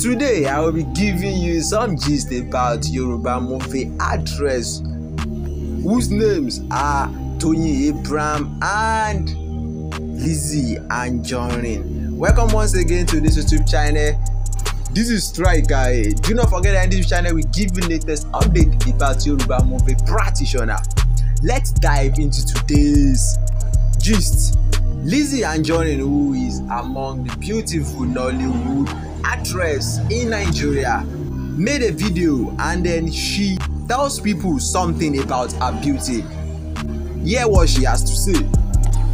Today, I will be giving you some gist about Yoruba movie actress whose names are Toyin Abraham and Lizzie and Anjorin. Welcome once again to this YouTube channel. This is Strike Guy. Do not forget that in this channel we give you latest update about Yoruba movie practitioner. Let's dive into today's gist. Lizzy Anjorin, who is among the beautiful Nollywood actress in Nigeria, made a video and then she tells people something about her beauty. Hear what she has to say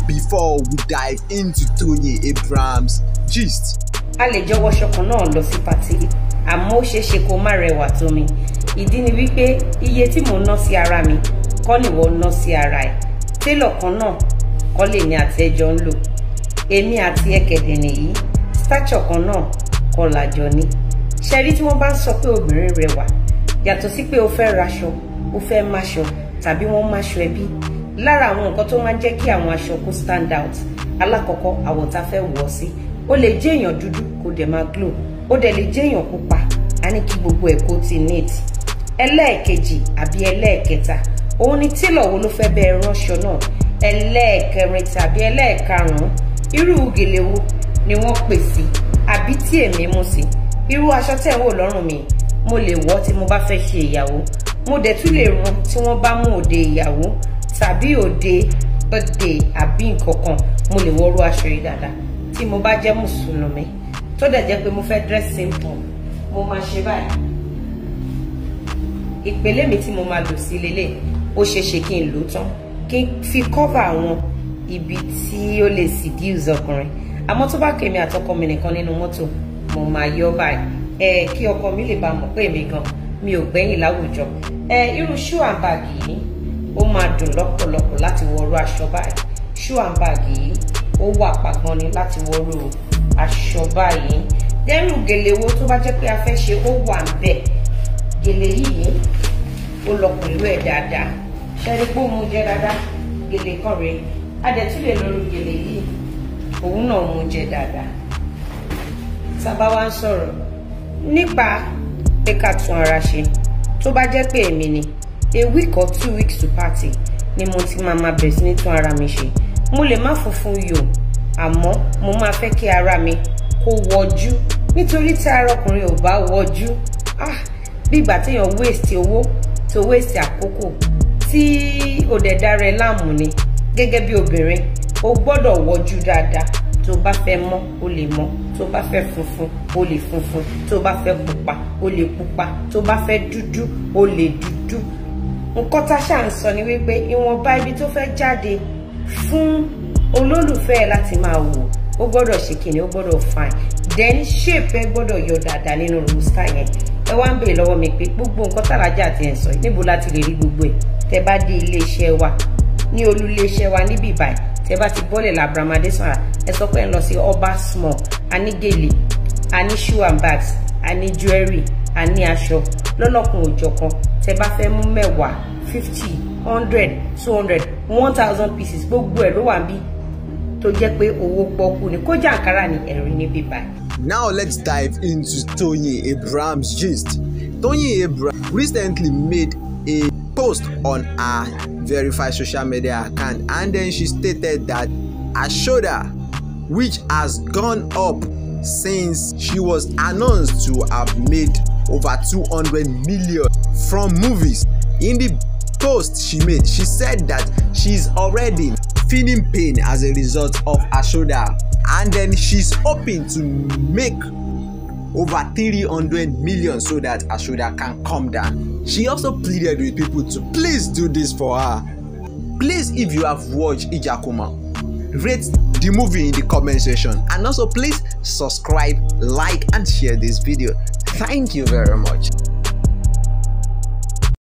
before we dive into Tony Abraham's gist. a lè jọ wọṣọ kan náà lọ sí pàtì àmọ́ ó ṣeé ṣe kó má rẹwà tó mi ìdí ni wípé iye tí mò ń ná sí ara mi kọ́ nìwọ ná sí ara ẹ̀ télọ̀ kan náà kọ́ ni àti ẹjọ́ ń lò èmi àti ẹ̀kẹ̀dẹ̀ nìyí stature kan náà kọ́ làjọ ní ṣe rí tí wọ́n bá ń sọ pé obìnrin rẹwà yàtọ̀ sí pé o fẹ́ raṣọ o fẹ́ máṣọ tàbí wọ́n máṣọ ẹbí lára àwọn nǹkan tó máa ń jẹ́ kí àwọn aṣọ kó stand out alákọ̀ọ́kọ́ àwọ̀ tá fẹ́ wọ̀ ọ́ sí ó lè jẹ́ èèyàn dúdú kó dẹ̀ máa glow ó dẹ̀ lè jẹ́ èèyàn pupa a ní kí gbogbo ẹ̀ kó ti neat ẹlẹ́ẹ̀kejì àbí ẹlẹ́ẹ̀kẹta òun ni télọ̀ wo ló fẹ́ bẹ́ẹ̀ ránṣọ náà ẹlẹ́ẹ̀kẹrin tàbí ẹlẹ́ẹ̀karùn-ún irú gèlè wo ni wọ́n pè sí àbí tí èmi mú sí irú aṣọ tẹ̀ ń wò lọ́rùn mi mo lè wọ̀ tí mo bá fẹ́ ṣe ìyàwó mo dẹ̀ tún lè rán tí wọ́n bá mú òde ìyàwó tàbí òde òde àbí nǹkan mo lè wọ̀rú aṣọ yìí dáadáa tí mo bá jẹ́ mùsùlùmí tó dẹ̀ jẹ́ pé mo fẹ́ dress simple mo máa ṣe báyìí ìpele mi tí mo máa lò sí lélẹ̀ ó ṣeé kí n lò tán fi cover àwọn ibi tí ó lè seduce ọkùnrin àmọ́ tó bá kèmí àtọkọ mi nìkan nínú mọ́tò mo máa yọ báyìí ẹ kí ọkọ mi lè bá mọ̀ pé èmi gan mi ò gbẹ́yìn láwùjọ ẹ irú shoe and bag yìí ó máa dùn lọ́pọ̀lọpọ̀ láti wọrú aṣọ báyìí shoe and bag yìí ó wà pàgbọ́n ni láti wọrú aṣọ báyìí dẹ́rù gèlè tó bá jẹ́ pé a fẹ́ ṣe ó wà ń bẹ̀ gèlè yìí ó lọ pẹ̀lú ẹ̀ dáadáa ẹ̀rí pé òun jẹ́ dáadáa gèlè kan rèé adẹ̀tún lè lọ́rù gèlè yìí òun náà òun jẹ́ dáadáa sábà wá ń sọ̀rọ̀ nípa pé ká tún ara ṣe tó bá jẹ́ pé èmi ni a week or two weeks to party ni mo ti máa ma bẹ̀rẹ̀ sí ní tún ara mi ṣe mo lè má funfun yò àmọ́ mo máa fẹ́ kí ara mi kó wọjú nítorí tí ara ọkùnrin ò bá wọjú ah bí ìgbà téèyàn waste owó tó waste àkókò tí ò dẹ̀ dára ẹ láàmú ni gẹ́gẹ́ bí obìnrin o gbọ́dọ̀ wọjú dáadáa tó bá fẹ́ mọ́ o lè mọ́ tó bá fẹ́ funfun o lè funfun tó bá fẹ́ pupa o lè pupa tó bá fẹ́ dúdú o lè dúdú nǹkan tá a ṣáà ń sọ ni wípé ìwọ̀nba ibi tó fẹ́ jáde fún olólùfẹ́ ẹ láti máa wò ó gbọ́dọ̀ ṣe kìnìún ó gbọ́dọ̀ fine then shape ẹ gbọ́dọ̀ yọ dáadáa nínú rústa yẹn ẹ wá ń bèè lọ́wọ́ mi pé gbogbo nǹkan tàlájà ti ẹ̀ sọ níbo láti lè rí gbogbo ẹ̀ tẹ bá dé iléeṣẹ́ wa ní olú iléeṣẹ́ wa níbí báyìí tẹ bá ti bọ́lẹ̀ làbàmàdé sọ̀rọ̀ ẹ sọ pé ẹ lọ sí ọba small anígèlè aní shoe and bags aní jewelry aní aṣọ lọ́lọ́kùn òjọ̀kan tẹ bá fẹ́ mú mẹ́wàá fifty hundred two hundred one thousand pieces gbogbo ẹ̀ ló wà bí tó jẹ́ pé owó pọ́kú ni kó jàǹkárà ni ẹ̀rín níbí báyìí. Now let's dive into Toyin Abraham's gist. Toyin Abraham recently made a post on her verified social media account and then she stated that her shoulder which has gone up since she was announced to have made over 200 million from movies in the post she made she said that she's already feeling pain as a result of her shoulder and then she's hoping to make over 300 million so that Ashoda can come down. She also pleaded with people to please do this for her. Please if you have watched Ijakuma, rate the movie in the comment section and also please subscribe, like and share this video. Thank you very much.